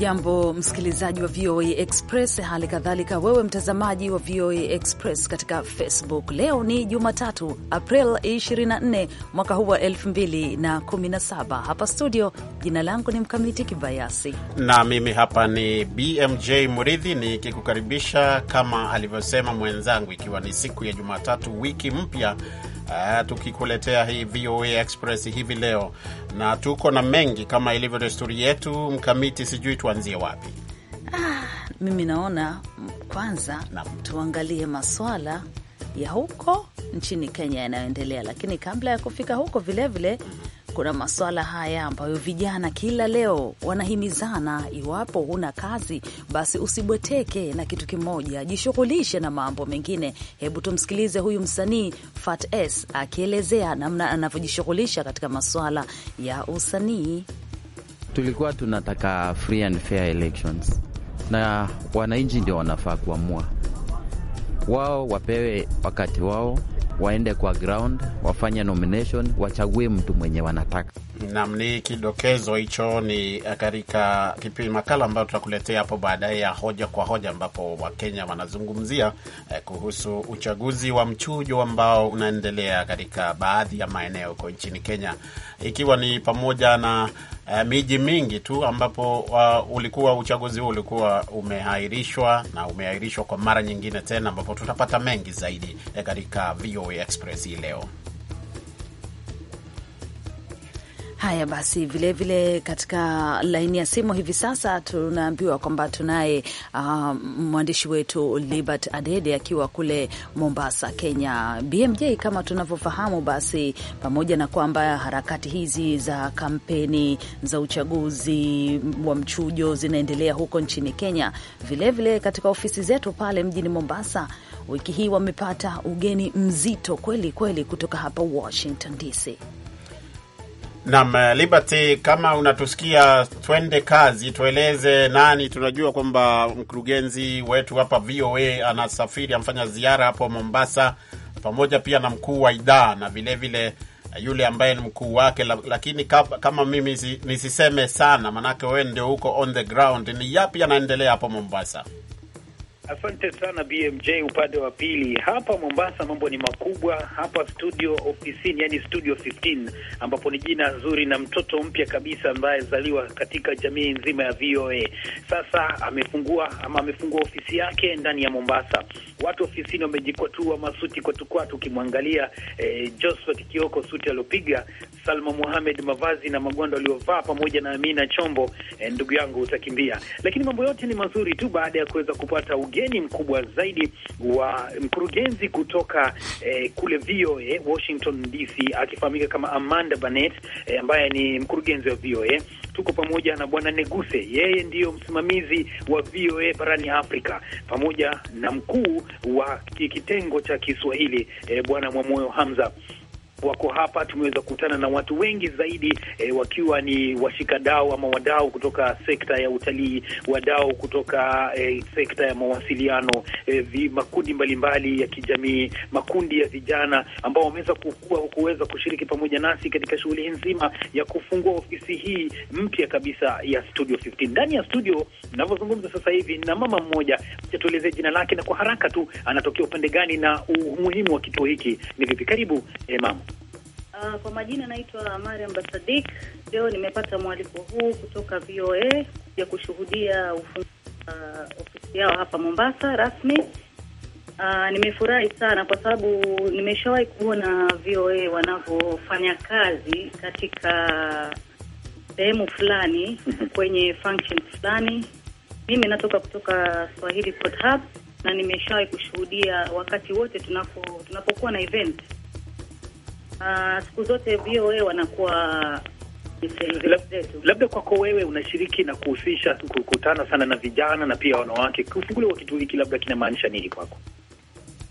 Hujambo msikilizaji wa VOA Express, hali kadhalika wewe mtazamaji wa VOA Express katika Facebook. Leo ni Jumatatu, April 24 mwaka huu wa 2017. Hapa studio, jina langu ni Mkamiti Kibayasi na mimi hapa ni BMJ Muridhi nikikukaribisha kama alivyosema mwenzangu, ikiwa ni siku ya Jumatatu, wiki mpya uh, tukikuletea hii VOA Express hivi leo, na tuko na mengi kama ilivyo desturi yetu. Mkamiti, sijui tuanzie wapi? Ah, mimi naona kwanza na tuangalie maswala ya huko nchini Kenya yanayoendelea, lakini kabla ya kufika huko vilevile vile, mhm kuna maswala haya ambayo vijana kila leo wanahimizana. Iwapo huna kazi, basi usibweteke na kitu kimoja, jishughulishe na mambo mengine. Hebu tumsikilize huyu msanii Fat S akielezea namna anavyojishughulisha katika maswala ya usanii. Tulikuwa tunataka free and fair elections, na wananchi ndio wanafaa kuamua wao, wapewe wakati wao waende kwa ground wafanye nomination, wachague mtu mwenye wanataka. Nam, ni kidokezo hicho, ni eh, katika kipindi makala ambayo tutakuletea hapo baadaye ya hoja kwa hoja, ambapo Wakenya wanazungumzia eh, kuhusu uchaguzi wa mchujo ambao unaendelea katika baadhi ya maeneo huko nchini Kenya, ikiwa ni pamoja na uh, miji mingi tu ambapo uh, ulikuwa uchaguzi huu ulikuwa umeahirishwa na umeahirishwa kwa mara nyingine tena, ambapo tutapata mengi zaidi eh, katika VOA Express hii leo. Haya basi, vilevile vile katika laini ya simu hivi sasa tunaambiwa kwamba tunaye uh, mwandishi wetu Libert Adede akiwa kule Mombasa, Kenya. BMJ, kama tunavyofahamu, basi pamoja na kwamba harakati hizi za kampeni za uchaguzi wa mchujo zinaendelea huko nchini Kenya, vilevile vile katika ofisi zetu pale mjini Mombasa wiki hii wamepata ugeni mzito kweli kweli kutoka hapa Washington DC. Naam, eh, Liberty, kama unatusikia, twende kazi, tueleze nani. Tunajua kwamba mkurugenzi wetu hapa VOA anasafiri, amfanya ziara hapo Mombasa, pamoja pia na mkuu wa idhaa na vilevile vile eh, yule ambaye ni mkuu wake, lakini kama mimi nisiseme sana, manake wewe ndio huko on the ground, ni yapi yanaendelea hapo Mombasa? Asante sana BMJ. Upande wa pili hapa Mombasa mambo ni makubwa hapa studio ofisini, yani studio 15 ambapo ni jina zuri na mtoto mpya kabisa ambaye zaliwa katika jamii nzima ya VOA. Sasa amefungua ama amefungua ofisi yake ndani ya Mombasa. Watu ofisini wamejikwatua masuti kwatukwatu, ukimwangalia eh, Josephat Kioko suti aliopiga, Salma Mohamed mavazi na magwanda aliyovaa, pamoja na Amina Chombo eh, ndugu yangu utakimbia, lakini mambo yote ni mazuri tu baada ya kuweza kupata uge mgeni mkubwa zaidi wa mkurugenzi kutoka eh, kule VOA Washington DC, akifahamika kama Amanda Barnett eh, ambaye ni mkurugenzi wa VOA. Tuko pamoja na Bwana Neguse, yeye ndiyo msimamizi wa VOA barani Afrika, pamoja na mkuu wa kitengo cha Kiswahili eh, Bwana Mwamoyo Hamza wako hapa. Tumeweza kukutana na watu wengi zaidi e, wakiwa ni washikadau ama wadau kutoka sekta ya utalii, wadau kutoka e, sekta ya mawasiliano e, vi, makundi mbalimbali ya kijamii, makundi ya vijana ambao wameweza kuweza kushiriki pamoja nasi katika shughuli nzima ya kufungua ofisi hii mpya kabisa ya Studio 15. Ndani ya studio ninavyozungumza sasa hivi na mama mmoja, tuelezee jina lake na kwa haraka tu anatokea upande gani na umuhimu wa kituo hiki ni vipi? Karibu e, mama. Uh, kwa majina naitwa Mariam Basadik. Leo nimepata mwaliko huu kutoka VOA ya kushuhudia ufunguzi wa uh, ofisi yao hapa Mombasa rasmi. Uh, nimefurahi sana kwa sababu nimeshawahi kuona VOA wanavyofanya kazi katika sehemu fulani kwenye function fulani. Mimi natoka kutoka Swahili Code Hub na nimeshawahi kushuhudia wakati wote tunapo tunapokuwa na event Ah, siku zote VOA wanakuwa labda kwako wewe unashiriki na kuhusisha kukutana sana na vijana na pia wanawake, wa kitu hiki labda kinamaanisha nini kwako?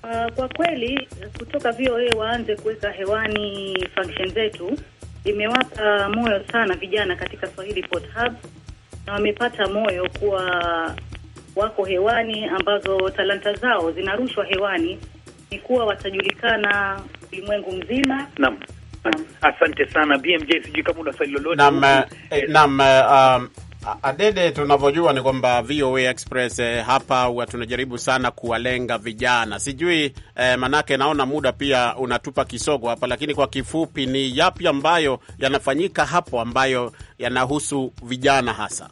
Uh, kwa kweli kutoka VOA waanze kuweka hewani function zetu imewapa moyo sana vijana katika Swahili Port Hub, na wamepata moyo kuwa wako hewani, ambazo talanta zao zinarushwa hewani, ni kuwa watajulikana ulimwengu mzima. Naam. Asante sana BMJ, sijui kama una swali lolote. Naam, eh, eh, naam, eh, um, Adede, tunavyojua ni kwamba VOA Express eh, hapa huwa tunajaribu sana kuwalenga vijana. Sijui eh, manake naona muda pia unatupa kisogo hapa, lakini kwa kifupi ni yapi ambayo yanafanyika hapo ambayo yanahusu vijana hasa?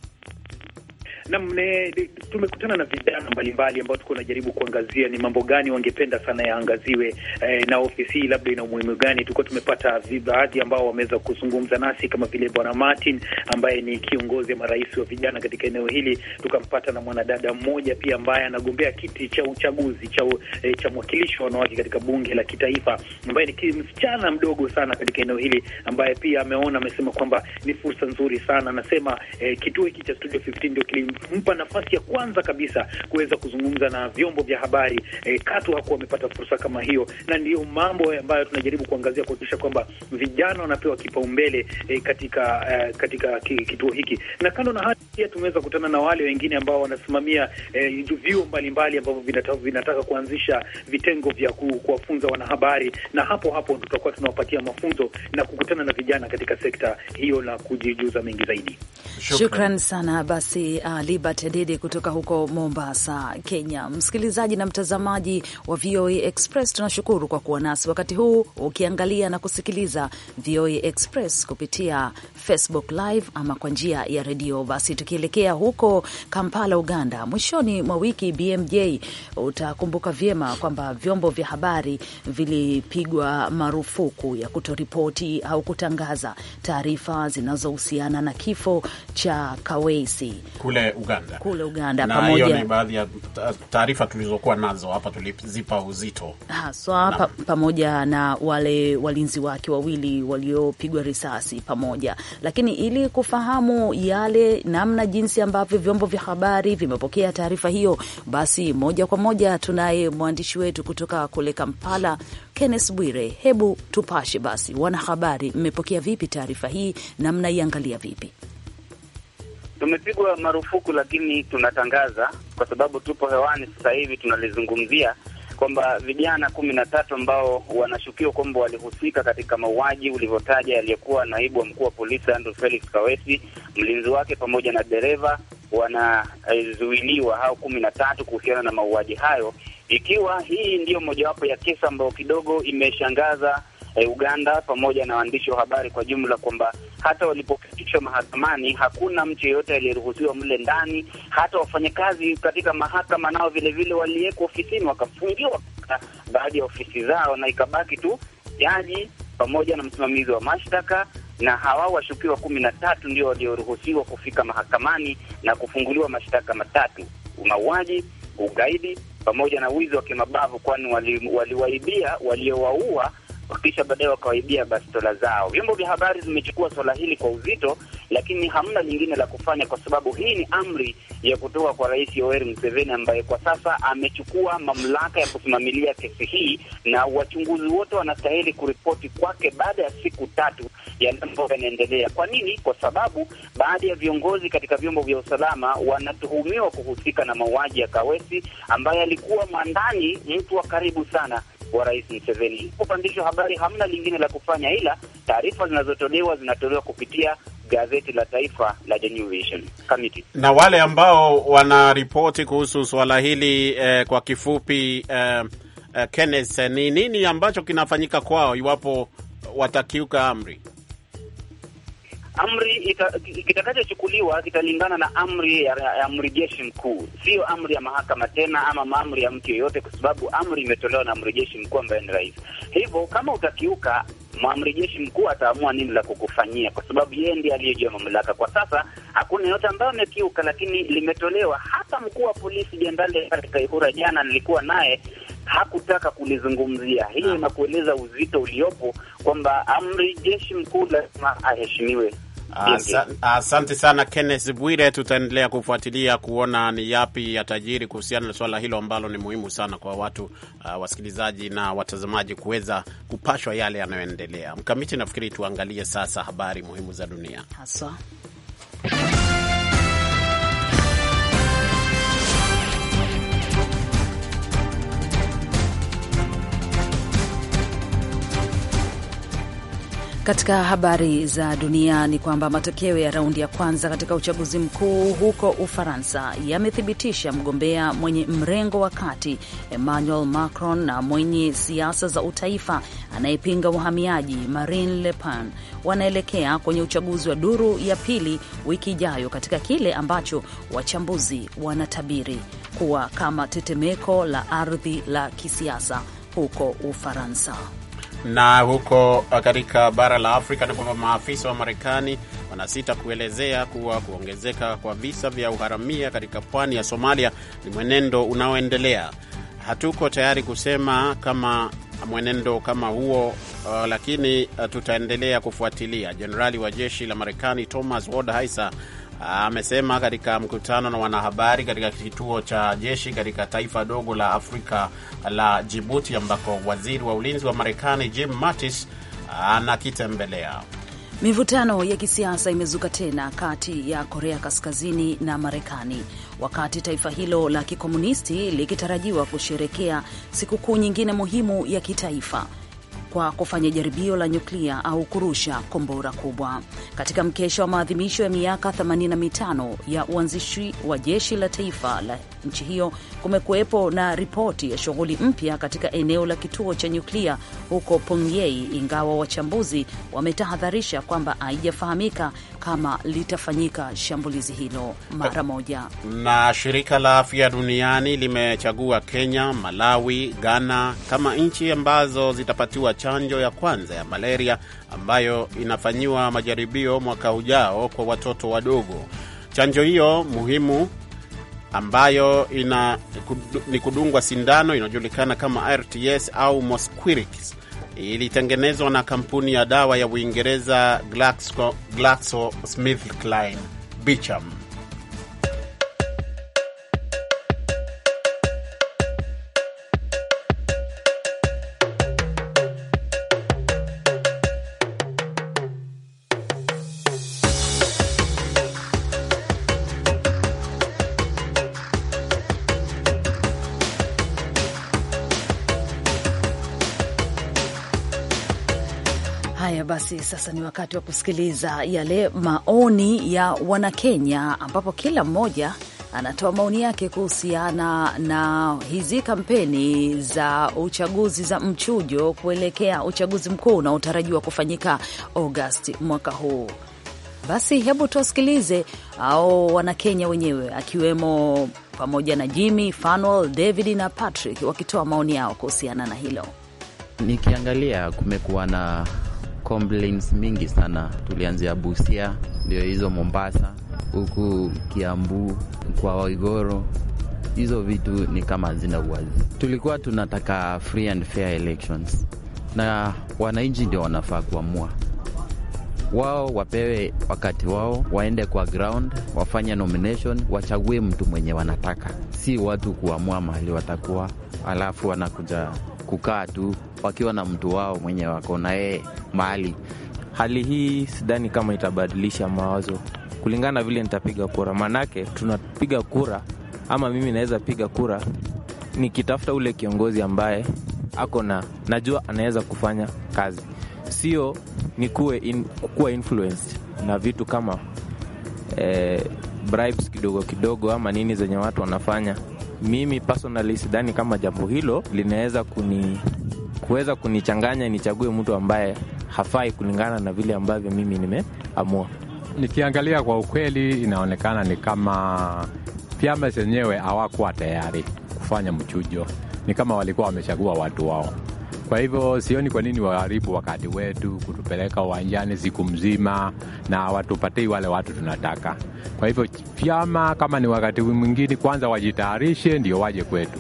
na mne, tumekutana na vijana mbalimbali ambao tuko najaribu kuangazia ni mambo gani wangependa sana yaangaziwe eh, na ofisi hii labda ina umuhimu gani. Tulikuwa tumepata baadhi ambao wameweza kuzungumza nasi kama vile Bwana Martin ambaye ni kiongozi wa marais wa vijana katika eneo hili. Tukampata na mwanadada mmoja pia ambaye anagombea kiti cha uchaguzi cha, eh, cha mwakilishi wa wanawake katika bunge la kitaifa ambaye ni msichana mdogo sana katika eneo hili ambaye pia ameona amesema kwamba ni fursa nzuri sana anasema, eh, kituo hiki cha Studio 15 ndio kili kumpa nafasi ya kwanza kabisa kuweza kuzungumza na vyombo vya habari e, katu hakuwa wamepata fursa kama hiyo, na ndiyo mambo ambayo tunajaribu kuangazia kuhakikisha kwamba vijana wanapewa kipaumbele e, katika e, katika kituo hiki, na kando na hayo pia tumeweza kutana na wale wengine ambao wanasimamia e, vyuo mbalimbali ambavyo vinataka, vinataka kuanzisha vitengo vya kuwafunza wanahabari, na hapo hapo tutakuwa tunawapatia mafunzo na kukutana na vijana katika sekta hiyo na kujijuza mengi zaidi. Shukran sana basi, uh, Libert Dede kutoka huko Mombasa, Kenya. Msikilizaji na mtazamaji wa VOA Express, tunashukuru kwa kuwa nasi wakati huu ukiangalia na kusikiliza VOA Express kupitia Facebook Live ama kwa njia ya redio. Basi tukielekea huko Kampala, Uganda, mwishoni mwa wiki, BMJ, utakumbuka vyema kwamba vyombo vya habari vilipigwa marufuku ya kutoripoti au kutangaza taarifa zinazohusiana na kifo cha Kawesi kule Uganda, kule Uganda. Na hiyo ni baadhi ya taarifa tulizokuwa nazo hapa, tulizipa uzito haswa so, pa, pamoja na wale walinzi wake wawili waliopigwa risasi pamoja, lakini ili kufahamu yale namna jinsi ambavyo vyombo vya habari vimepokea taarifa hiyo, basi moja kwa moja tunaye mwandishi wetu kutoka kule Kampala Kenneth Bwire, hebu tupashe basi, wanahabari mmepokea vipi taarifa hii na mnaiangalia vipi? tumepigwa marufuku, lakini tunatangaza kwa sababu tupo hewani sasa hivi tunalizungumzia kwamba vijana kumi na tatu ambao wanashukiwa kwamba walihusika katika mauaji ulivyotaja aliyekuwa naibu wa mkuu wa polisi Andrew Felix Kawesi, mlinzi wake pamoja na dereva wanazuiliwa hao kumi na tatu kuhusiana na mauaji hayo, ikiwa hii ndiyo mojawapo ya kesa ambayo kidogo imeshangaza Uganda pamoja na waandishi wa habari kwa jumla kwamba hata walipofikishwa mahakamani hakuna mtu yeyote aliyeruhusiwa mle ndani. Hata wafanyakazi katika mahakama nao vilevile waliwekwa ofisini, wakafungiwa baadhi ya ofisi zao, na ikabaki tu jaji pamoja na msimamizi wa mashtaka na hawa washukiwa kumi na tatu ndio walioruhusiwa kufika mahakamani na kufunguliwa mashtaka matatu: mauaji, ugaidi pamoja na wizi wa kimabavu, kwani waliwaibia wali waliowaua kisha baadaye wakawaibia bastola zao. Vyombo vya habari vimechukua swala hili kwa uzito, lakini hamna lingine la kufanya, kwa sababu hii ni amri ya kutoka kwa Rais Yoweri Museveni ambaye kwa sasa amechukua mamlaka ya kusimamilia kesi hii, na wachunguzi wote wanastahili kuripoti kwake baada ya siku tatu ya mambo yanaendelea. Kwa nini? Kwa sababu baadhi ya viongozi katika vyombo vya usalama wanatuhumiwa kuhusika na mauaji ya Kawesi ambaye alikuwa mwandani, mtu wa karibu sana wa Rais Museveni. Kupandishwa habari, hamna lingine la kufanya ila taarifa zinazotolewa zinatolewa kupitia gazeti la taifa la The New Vision. Committee. Na wale ambao wanaripoti kuhusu swala hili eh, kwa kifupi eh, eh, Kenneth, ni nini ambacho kinafanyika kwao iwapo watakiuka amri? amri ita, kitakachochukuliwa kitalingana na amri ya, ya amri jeshi mkuu, sio amri ya mahakama tena ama amri ya mtu yeyote, kwa sababu amri imetolewa na amri jeshi mkuu ambaye ni rais. Hivyo kama utakiuka amri jeshi mkuu ataamua nini la kukufanyia, kwa sababu yeye ndiye aliyejua mamlaka. Kwa sasa hakuna yote ambayo amekiuka, lakini limetolewa. Hata mkuu wa polisi Jenerali Kaihura, jana nilikuwa naye, hakutaka kulizungumzia. Hii inakueleza uzito uliopo kwamba amri jeshi mkuu lazima aheshimiwe. Asante sana Kenneth Bwire, tutaendelea kufuatilia kuona ni yapi yatajiri kuhusiana na swala hilo ambalo ni muhimu sana kwa watu uh, wasikilizaji na watazamaji kuweza kupashwa yale yanayoendelea. Mkamiti, nafikiri tuangalie sasa habari muhimu za dunia haswa Katika habari za dunia ni kwamba matokeo ya raundi ya kwanza katika uchaguzi mkuu huko Ufaransa yamethibitisha mgombea mwenye mrengo wa kati Emmanuel Macron na mwenye siasa za utaifa anayepinga uhamiaji Marine Le Pen wanaelekea kwenye uchaguzi wa duru ya pili wiki ijayo katika kile ambacho wachambuzi wanatabiri kuwa kama tetemeko la ardhi la kisiasa huko Ufaransa. Na huko uh, katika bara la Afrika ni kwamba maafisa wa Marekani wanasita kuelezea kuwa kuongezeka kwa visa vya uharamia katika pwani ya Somalia ni mwenendo unaoendelea. Hatuko tayari kusema kama mwenendo kama huo, uh, lakini uh, tutaendelea kufuatilia. Jenerali wa jeshi la Marekani Thomas Waldhauser amesema katika mkutano na wanahabari katika kituo cha jeshi katika taifa dogo la Afrika la Jibuti ambako waziri wa ulinzi wa Marekani Jim Mattis anakitembelea. Mivutano ya kisiasa imezuka tena kati ya Korea Kaskazini na Marekani wakati taifa hilo la kikomunisti likitarajiwa kusherekea sikukuu nyingine muhimu ya kitaifa kwa kufanya jaribio la nyuklia au kurusha kombora kubwa. Katika mkesha wa maadhimisho ya miaka 85 ya uanzishi wa jeshi la taifa la nchi hiyo kumekuwepo na ripoti ya shughuli mpya katika eneo la kituo cha nyuklia huko Pongyei, ingawa wachambuzi wametahadharisha kwamba haijafahamika kama litafanyika shambulizi hilo mara moja. Na shirika la afya duniani limechagua Kenya, Malawi, Ghana kama nchi ambazo zitapatiwa chanjo ya kwanza ya malaria ambayo inafanyiwa majaribio mwaka ujao kwa watoto wadogo. Chanjo hiyo muhimu ambayo ina, ni kudungwa sindano inayojulikana kama RTS au Mosquirix. Ilitengenezwa na kampuni ya dawa ya Uingereza GlaxoSmithKline bicham sasa ni wakati wa kusikiliza yale maoni ya Wanakenya, ambapo kila mmoja anatoa maoni yake kuhusiana na hizi kampeni za uchaguzi za mchujo kuelekea uchaguzi mkuu unaotarajiwa kufanyika Agosti mwaka huu. Basi hebu tuwasikilize au Wanakenya wenyewe akiwemo pamoja na Jimmy Fanuel, David na Patrick wakitoa maoni yao kuhusiana na hilo. Nikiangalia kumekuwa na complaints mingi sana. Tulianzia Busia, ndio hizo Mombasa, huku Kiambu, kwa Waigoro hizo vitu ni kama hazina uwazi. Tulikuwa tunataka free and fair elections, na wananchi ndio wanafaa kuamua. Wao wapewe wakati wao, waende kwa ground, wafanye nomination, wachague mtu mwenye wanataka, si watu kuamua mahali watakuwa, alafu wanakuja kukaa tu wakiwa na mtu wao mwenye wako na yeye mahali. Hali hii sidhani kama itabadilisha mawazo kulingana na vile nitapiga kura, maanake tunapiga kura ama mimi naweza piga kura nikitafuta ule kiongozi ambaye ako na najua anaweza kufanya kazi, sio nikuwe in, kuwa influenced na vitu kama eh, bribes kidogo kidogo ama nini zenye watu wanafanya mimi personally sidhani kama jambo hilo linaweza kuni kuweza kunichanganya nichague mtu ambaye hafai kulingana na vile ambavyo mimi nimeamua. Nikiangalia kwa ukweli, inaonekana ni kama vyama zenyewe hawakuwa tayari kufanya mchujo, ni kama walikuwa wamechagua watu wao. Kwa hivyo sioni kwa nini waharibu wakati wetu kutupeleka uwanjani siku mzima na watupatei wale watu tunataka. Kwa hivyo vyama, kama ni wakati mwingine, kwanza wajitayarishe ndio waje kwetu.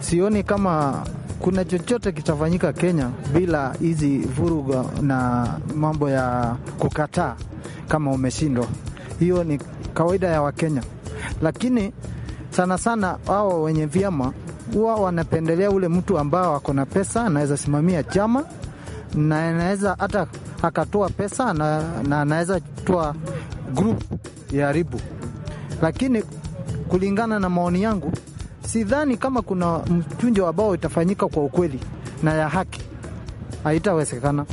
Sioni kama kuna chochote kitafanyika Kenya bila hizi vuruga na mambo ya kukataa kama umeshindwa. Hiyo ni kawaida ya Wakenya, lakini sana sana hao wenye vyama huwa wanapendelea ule mtu ambao ako na pesa, anaweza simamia chama na anaweza hata akatoa pesa na, na anaweza toa grup ya ribu. Lakini kulingana na maoni yangu, sidhani kama kuna mchunjo ambao itafanyika kwa ukweli na ya haki, haitawezekana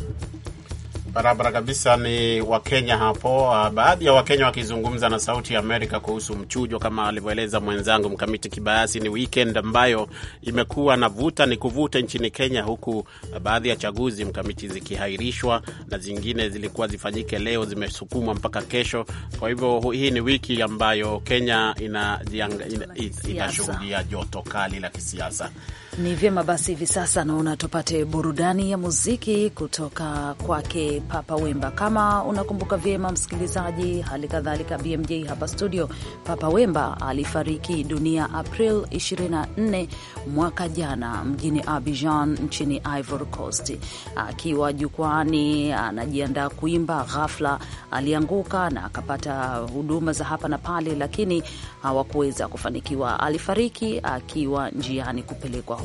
barabara kabisa. Ni Wakenya hapo, uh, baadhi ya Wakenya wakizungumza na Sauti ya Amerika kuhusu mchujo, kama alivyoeleza mwenzangu Mkamiti Kibayasi. Ni weekend ambayo imekuwa na vuta ni kuvuta nchini Kenya, huku baadhi ya chaguzi Mkamiti zikihairishwa na zingine zilikuwa zifanyike leo zimesukumwa mpaka kesho. Kwa hivyo hii ni wiki ambayo Kenya inashuhudia ina, ina, ina joto kali la kisiasa. Ni vyema basi, hivi sasa naona tupate burudani ya muziki kutoka kwake Papa Wemba. Kama unakumbuka vyema, msikilizaji, hali kadhalika BMJ hapa studio, Papa Wemba alifariki dunia April 24 mwaka jana mjini Abidjan nchini Ivory Coast. Akiwa jukwani anajiandaa kuimba, ghafla alianguka na akapata huduma za hapa na pale, lakini hawakuweza kufanikiwa. Alifariki akiwa njiani kupelekwa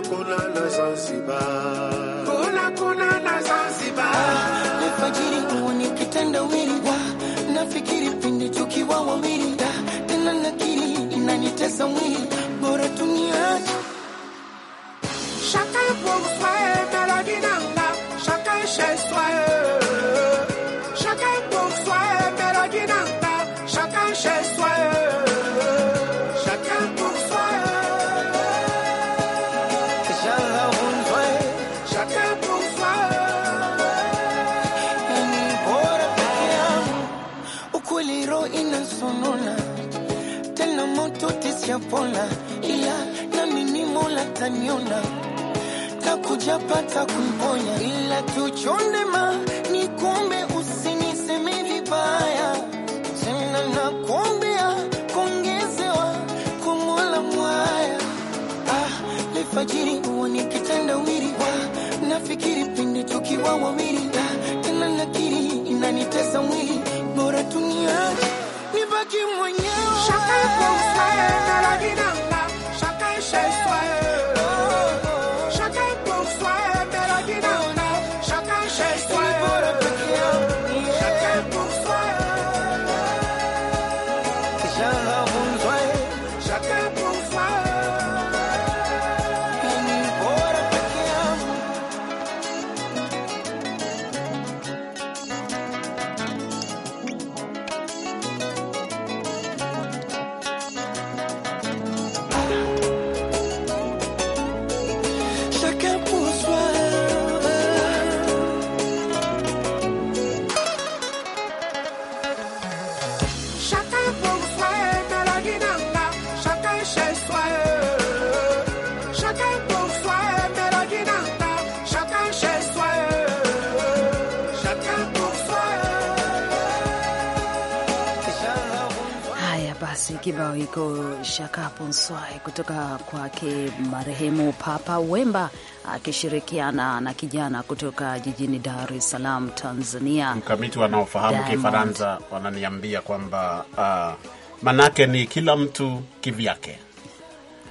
kuna kuna na Zanzibar, kuna kuna na Zanzibar. Alfajiri huoni kitendawili, nafikiri pindi tukiwa wawili, tena nakiri inanitesa mwili ataniona pata kumponya, ila ma ni kumbe, usiniseme vibaya tena, nakuombea kuongezewa kumola mwaya. Ah, lifajiri huwa ni wiri wa nafikiri pindi tukiwa wawili, tena nakiri inanitesa mwili, bora tuniache nibaki mwenyewe. Basi kibao hiko shaka ponswai kutoka kwake marehemu Papa Wemba akishirikiana na kijana kutoka jijini Dar es Salaam, Tanzania. Mkamiti, wanaofahamu Kifaransa wananiambia kwamba uh, manake ni kila mtu kivyake,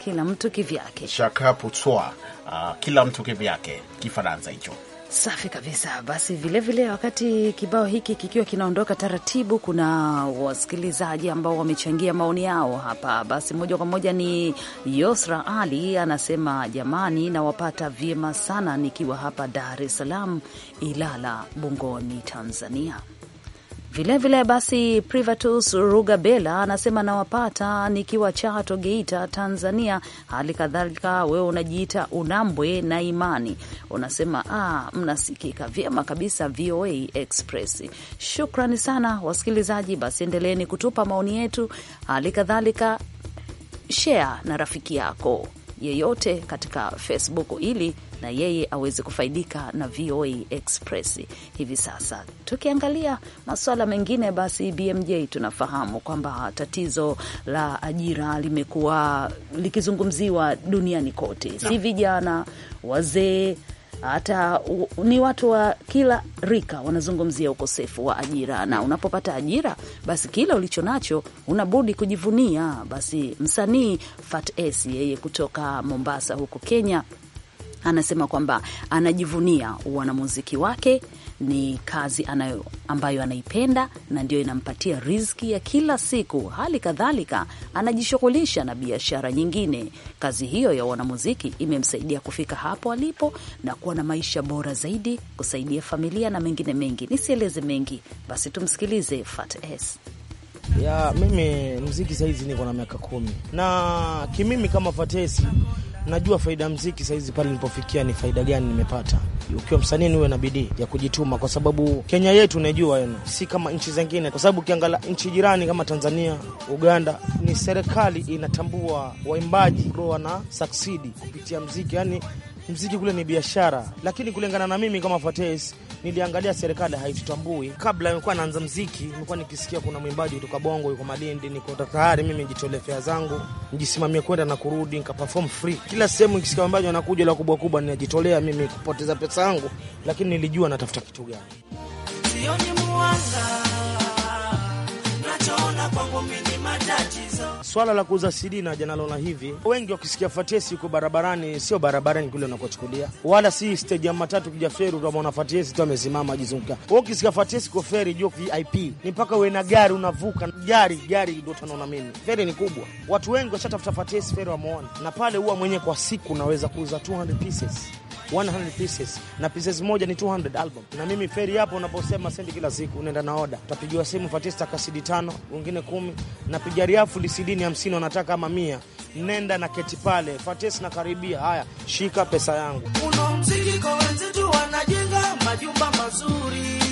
kila mtu kivyake, shaka ponswai, uh, kila mtu kivyake, Kifaransa hicho Safi kabisa. Basi vilevile, wakati kibao hiki kikiwa kinaondoka taratibu, kuna wasikilizaji ambao wamechangia maoni yao hapa. Basi moja kwa moja ni Yosra Ali anasema, jamani, nawapata vyema sana nikiwa hapa Dar es Salaam, Ilala, Bungoni, Tanzania. Vilevile vile basi, Privatus Rugabela anasema nawapata nikiwa Chato, Geita, Tanzania. Hali kadhalika wewe unajiita Unambwe na Imani, unasema ah, mnasikika vyema kabisa VOA Express. Shukrani sana wasikilizaji, basi endeleeni kutupa maoni yetu, hali kadhalika share na rafiki yako yeyote katika Facebook ili na yeye aweze kufaidika na VOA Express. Hivi sasa tukiangalia masuala mengine, basi BMJ, tunafahamu kwamba tatizo la ajira limekuwa likizungumziwa duniani kote, si vijana, wazee hata ni watu wa kila rika wanazungumzia ukosefu wa ajira, na unapopata ajira, basi kila ulicho nacho unabudi kujivunia. Basi msanii Fat S yeye kutoka Mombasa huko Kenya anasema kwamba anajivunia wanamuziki wake ni kazi anayo, ambayo anaipenda na ndiyo inampatia riziki ya kila siku. Hali kadhalika anajishughulisha na biashara nyingine. Kazi hiyo ya wanamuziki imemsaidia kufika hapo alipo na kuwa na maisha bora zaidi, kusaidia familia na mengine mengi. Nisieleze mengi, basi tumsikilize Fat S. Ya, mimi mziki sahizi niko na miaka kumi na kimimi kama Fatesi najua faida mziki sahizi pale nilipofikia ni faida gani nimepata. Ukiwa msanii uwe na bidii ya kujituma, kwa sababu Kenya yetu najua yenu, si kama nchi zingine, kwa sababu ukiangalia nchi jirani kama Tanzania, Uganda, ni serikali inatambua waimbaji wana succeed kupitia mziki, yani mziki kule ni biashara, lakini kulingana na mimi kama Fatesi niliangalia serikali haitutambui. Kabla imekuwa naanza mziki, imekuwa nikisikia kuna mwimbaji kutoka Bongo yuko Malindi, niko tayari mimi fea zangu nijisimamie kwenda na kurudi, nikaperform free kila sehemu. Nikisikia mwimbaji anakuja la kubwa kubwa, ninajitolea mimi kupoteza pesa yangu, lakini nilijua natafuta kitu gani. Sioni mwanga swala la kuuza CD na janalona hivi, wengi wakisikia Fatiesi huko barabarani, sio barabarani kule unakochukulia, wala si stage ya matatu kuja feri, utamwona Fatiesi tu amesimama ajizunguka. Wewe ukisikia Fatiesi kwa feri juu VIP ni mpaka uwe na gari, unavuka gari gari, ndio tunaona mimi feri ni kubwa. Watu wengi washatafuta Fatiesi, feri wameona, na pale huwa mwenye kwa siku naweza kuuza 200 pieces 100 pieces na pieces moja ni 200 album. Na mimi feri hapo, unaposema sendi kila siku unaenda na oda, utapigiwa simu fatista kasidi tano, wengine kumi, napiga riafu lisidini hamsini, wanataka ama mia, nenda na keti pale fatis, na karibia haya, shika pesa yangu uno mziki kwa wenzetu wanajenga majumba mazuri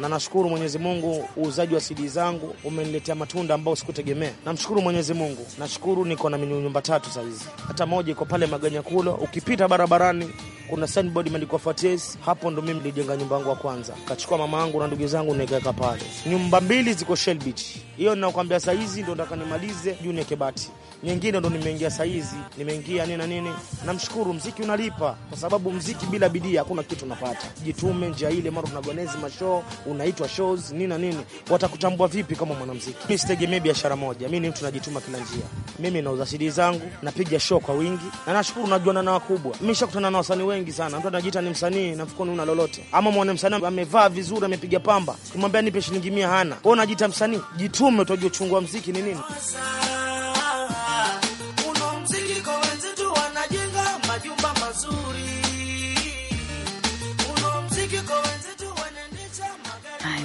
na nashukuru Mwenyezi Mungu, uuzaji wa CD zangu umeniletea matunda ambayo sikutegemea. Namshukuru Mwenyezi Mungu, nashukuru niko na nyumba tatu sahizi, hata moja iko pale Maganyakulo. Ukipita barabarani kuna signboard imeandikwa Fates. Hapo ndo mimi nilijenga nyumba yangu ya kwanza, kachukua mama yangu na ndugu zangu nikaweka pale. Nyumba mbili ziko Shell Beach hiyo ninakwambia saa hizi ndo nataka nimalize Junior Kebati, nyingine ndo nimeingia saa hizi nimeingia nini na nini. Namshukuru mziki unalipa, kwa sababu mziki bila bidii hakuna kitu unapata. Jitume njia ile, mara unagonezi mashow, unaitwa shows nini na nini, watakutambua vipi kama mwanamziki? Mimi sitegemee biashara moja, mimi ni mtu najituma kila njia. Mimi nauza CD zangu, napiga show kwa wingi, na nashukuru najuana na wakubwa. Nimeshakutana na wasanii wengi sana, mtu anajiita ni msanii na mfukoni una lolote, ama mwana msanii amevaa vizuri, amepiga pamba, kumwambia nipe shilingi 100 hana. Wewe unajiita msanii? jitu mtume, utajua uchungu wa mziki ni nini.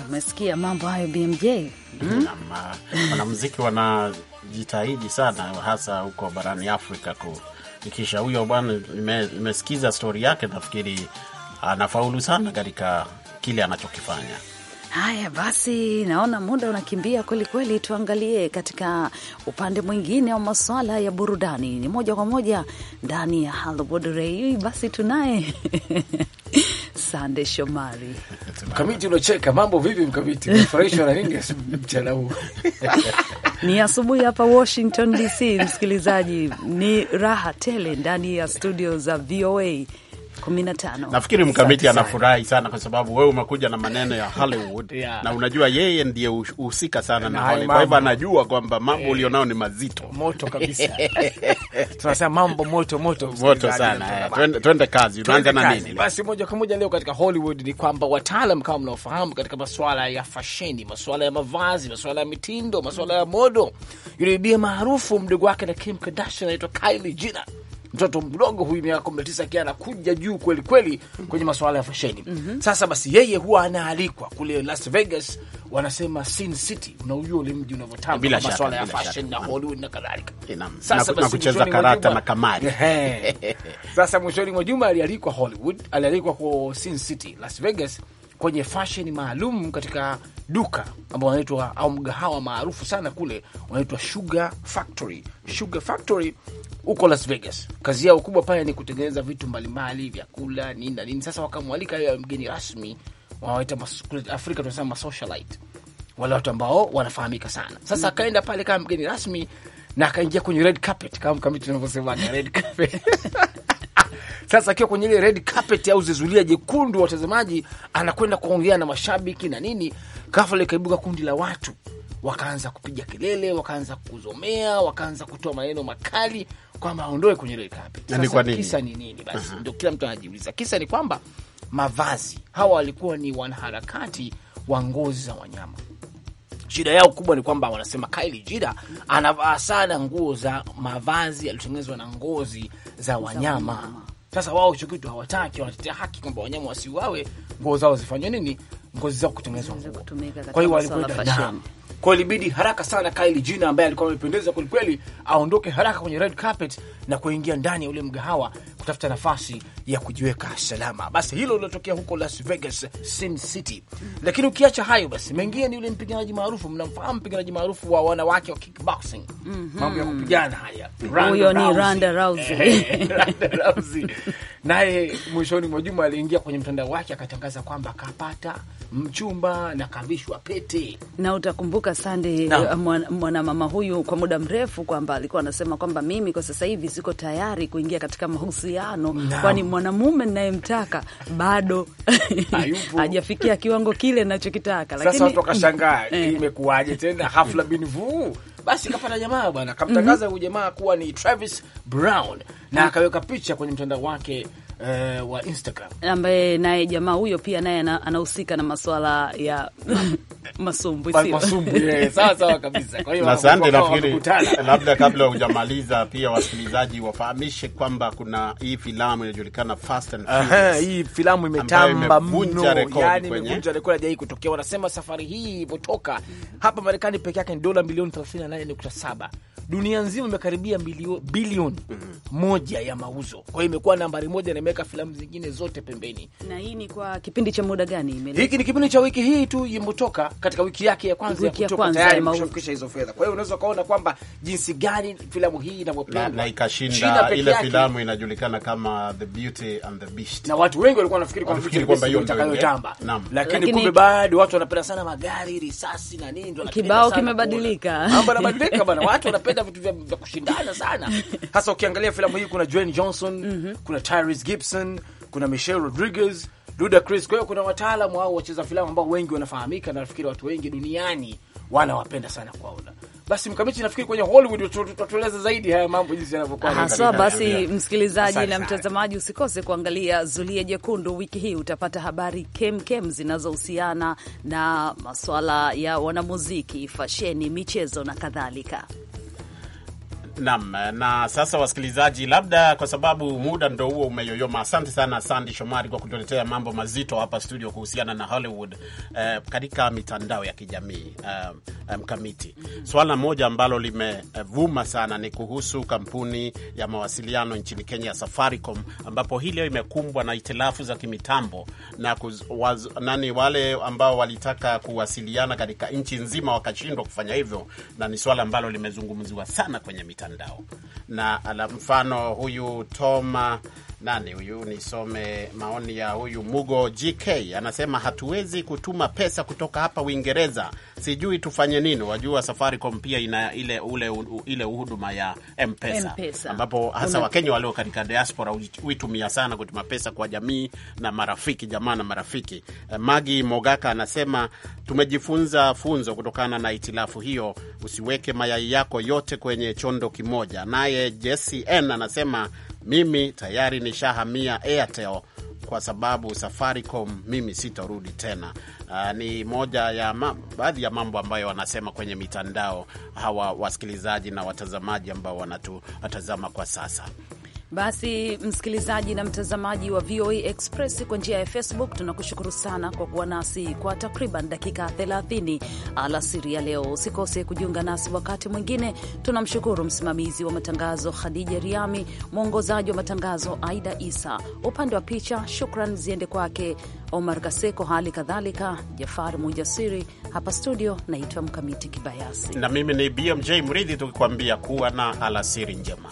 Umesikia mambo hayo BMJ? Hmm? Wanamuziki wanajitahidi sana hasa huko barani Afrika kuikisha huyo bwana. Imesikiza stori yake, nafikiri anafaulu sana katika kile anachokifanya. Haya basi, naona muda unakimbia kweli kweli. Tuangalie katika upande mwingine wa masuala ya burudani, ni moja kwa moja ndani ya Hollywood Basi tunaye Sande Shomari. Mkamiti, unacheka mambo vipi? Mkamiti, unafurahishwa na nini mchana huu? Ni asubuhi hapa Washington DC, msikilizaji, ni raha tele ndani ya studio za VOA 15. Nafikiri mkamiti anafurahi sana kwa sababu wewe umekuja na maneno ya Hollywood yeah. Na unajua yeye ndiye husika sana na Hollywood, kwa hivyo anajua kwamba mambo eh. ulionao ni mazito moto kabisa. Tunasema mambo moto moto moto sana. Eh. Twende, twende kazi. Unaanza na nini? Basi moja kwa moja leo katika Hollywood ni kwamba wataalam kama mnaofahamu katika masuala ya fasheni, masuala ya mavazi, masuala ya mitindo, masuala ya modo, yule bibi maarufu mdogo wake na Kim Kardashian anaitwa Kylie Jenner mtoto mdogo huyu miaka kumi na tisa akiwa anakuja juu kweli kweli kwenye masuala ya fasheni mm -hmm. Sasa basi yeye huwa anaalikwa kule Las Vegas, wanasema Sin City, unaujua ule mji unavyotamba masuala ya fashion na Hollywood na kadhalika. Eh, Sasa basi kucheza karata na kamari. Sasa mwishoni mwa juma alialikwa Hollywood, alialikwa kwa Sin City Las Vegas kwenye fashion maalum katika duka ambao wanaitwa au mgahawa maarufu sana kule wanaitwa Sugar Factory. Sugar Factory huko Las Vegas. Kazi yao kubwa pale ni kutengeneza vitu mbalimbali, vyakula nini na nini. Sasa wakamwalika yeye mgeni rasmi, wanawaita Afrika tunasema socialite, wale watu ambao wanafahamika sana. Sasa mm -hmm. akaenda pale kama mgeni rasmi na akaingia kwenye red carpet kama mkamiti tunavyosema red carpet. Sasa akiwa kwenye ile red carpet au zizulia jekundu, watazamaji, anakwenda kuongea na mashabiki na nini, ghafla ikaibuka kundi la watu wakaanza kupiga kelele, wakaanza kuzomea, wakaanza kutoa maneno makali, kwamba aondoe kwenye ile nini? Kisa ni nini? Basi ndio kila mtu anajiuliza. Kisa ni kwamba mavazi, hawa walikuwa ni wanaharakati wa ngozi za wanyama. Shida yao kubwa ni kwamba wanasema Kylie Jenner anavaa sana nguo za mavazi yalitengenezwa na ngozi za wanyama. Sasa wao hicho kitu hawataki, wanatetea haki kwamba wanyama wasiuawe, nguo zao zifanywe nini, ngozi zao kutengenezwa. Kwa hiyo walikuwa kwao ilibidi haraka sana Kylie Jenner ambaye alikuwa amependeza kwelikweli aondoke haraka kwenye red carpet na kuingia ndani ya ule mgahawa kutafuta nafasi ya kujiweka salama. Basi hilo lilotokea huko Las Vegas, Sin City. Lakini ukiacha hayo, basi mengine ni yule mpiganaji maarufu, mnamfahamu mpiganaji maarufu wa wanawake wa kickboxing, mhm. mambo ya kupigana haya, huyo ni Ronda Rousey. Ronda Rousey naye mwishoni mwa juma aliingia kwenye mtandao wake akatangaza kwamba kapata mchumba na kavishwa pete, na utakumbuka Sande, eh, mwanamama huyu kwa muda mrefu kwamba alikuwa anasema kwamba mimi kwa sasa hivi siko tayari kuingia katika mahusiano mahusiano, kwani mwanamume ninayemtaka bado hajafikia kiwango kile nachokitaka. Lakini watu wakashangaa eh, imekuwaje tena hafla bin basi kapata jamaa bwana, kamtangaza mhm. huyu jamaa kuwa ni Travis Brown na akaweka picha kwenye mtandao wake uh, wa Instagram ambaye naye jamaa huyo pia naye anahusika na masuala ya masumbwi eh, sawa sawa kabisa. Kwa hiyo asante, nafikiri labda kabla hujamaliza pia wasikilizaji wafahamishe kwamba kuna hii filamu inajulikana Fast and Furious. Hii filamu imetamba mno, yani imevunja rekodi, hii kutokea. Wanasema safari hii ilipotoka hapa Marekani peke yake ni dola milioni 38.7 dunia nzima imekaribia bilioni mhm. moja ya mauzo. Kwa hiyo imekuwa nambari moja na imeweka filamu zingine zote pembeni. Na hii ni kwa kipindi cha muda gani? Hiki ni kipindi cha wiki hii tu imetoka katika wiki yake ya kwanza ya kutoka tayari kushafikisha hizo fedha. Kwa hiyo unaweza ukaona kwamba jinsi gani filamu hii inavyopendwa na ikashinda ile filamu inajulikana kama The Beauty and the Beast, na watu wengi walikuwa wanafikiri kwamba hiyo ndio itakayotamba, lakini kumbe bado watu wanapenda sana magari, risasi na nini, ndio kibao kimebadilika, mambo yanabadilika bwana. watu wanapenda wanapenda vitu vya, vya kushindana sana hasa ukiangalia filamu hii kuna Dwayne Johnson mm -hmm. kuna Tyrese Gibson kuna Michelle Rodriguez Ludacris. Kwa hiyo kuna wataalamu au wacheza filamu ambao wengi wanafahamika na nafikiri watu wengi duniani wanawapenda sana kuwaona. Basi mkamiti, nafikiri kwenye Hollywood tutatueleza zaidi haya mambo jinsi yanavyokuwa haswa. Basi msikilizaji na mtazamaji, usikose kuangalia Zulia Jekundu. Wiki hii utapata habari kemkem zinazohusiana na maswala ya wanamuziki, fasheni, michezo na kadhalika. Nam na sasa, wasikilizaji, labda kwa sababu muda ndo huo umeyoyoma, asante sana Sandi Shomari kwa kutuletea mambo mazito hapa studio kuhusiana na Hollywood eh, katika mitandao ya kijamii eh, mkamiti. Swala moja ambalo limevuma sana ni kuhusu kampuni ya mawasiliano nchini Kenya ya Safaricom, ambapo hii leo imekumbwa na hitilafu za kimitambo na kuz, waz, nani wale ambao walitaka kuwasiliana katika nchi nzima wakashindwa kufanya hivyo, na ni swala ambalo limezungumziwa sana kwenye mitandao mitandao na ala, mfano huyu toma ah, nani huyu, nisome maoni ya huyu Mugo GK anasema, hatuwezi kutuma pesa kutoka hapa Uingereza sijui tufanye nini. Wajua Safaricom pia ina ile ule ile huduma ya Mpesa, ambapo hasa Wakenya walio katika diaspora huitumia sana kutuma pesa kwa jamii na marafiki, jamaa na marafiki. Eh, Magi Mogaka anasema tumejifunza funzo kutokana na itilafu hiyo, usiweke mayai yako yote kwenye chondo kimoja. Naye jcn anasema mimi tayari nishahamia Airtel kwa sababu Safaricom mimi sitarudi tena. Uh, ni moja ya baadhi ya mambo ambayo wanasema kwenye mitandao hawa wasikilizaji na watazamaji ambao wanatutazama kwa sasa. Basi msikilizaji na mtazamaji wa VOA Express kwa njia ya Facebook, tunakushukuru sana kwa kuwa nasi kwa takriban dakika 30 alasiri ya leo. Usikose kujiunga nasi wakati mwingine. Tunamshukuru msimamizi wa matangazo Khadija Riami, mwongozaji wa matangazo Aida Isa, upande wa picha shukran ziende kwake Omar Kaseko, hali kadhalika Jafar Mujasiri. Hapa studio naitwa Mkamiti Kibayasi na mimi ni BMJ Mridhi, tukikuambia kuwa na alasiri njema.